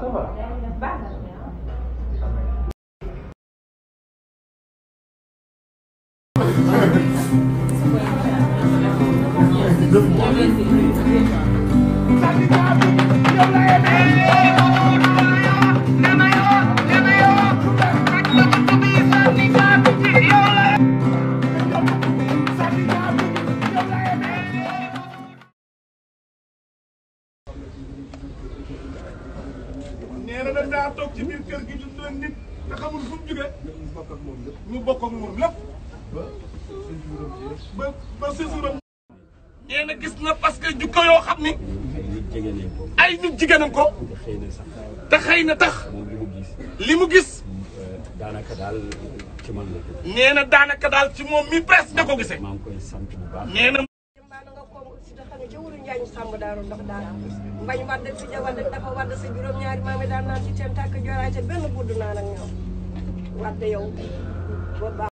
Dobra, dobra. Obrigado. nee na dañ daa ñu bokk ak moom gis na parce que jukko yoo xam ni. ay nit jigéenam ko. te xëy na tax. li mu gis. daanaka daal ci man daal ci moom mi presque nga ko gisee. maa te xam ne ca wuru njaañu sàmb daaru ndox daal mbañ wadd a ja wadd dafa da sa juróom-ñaari maam yi daan naan ci teen tàkk joraay te benn budd naan ak ñoom wadd yow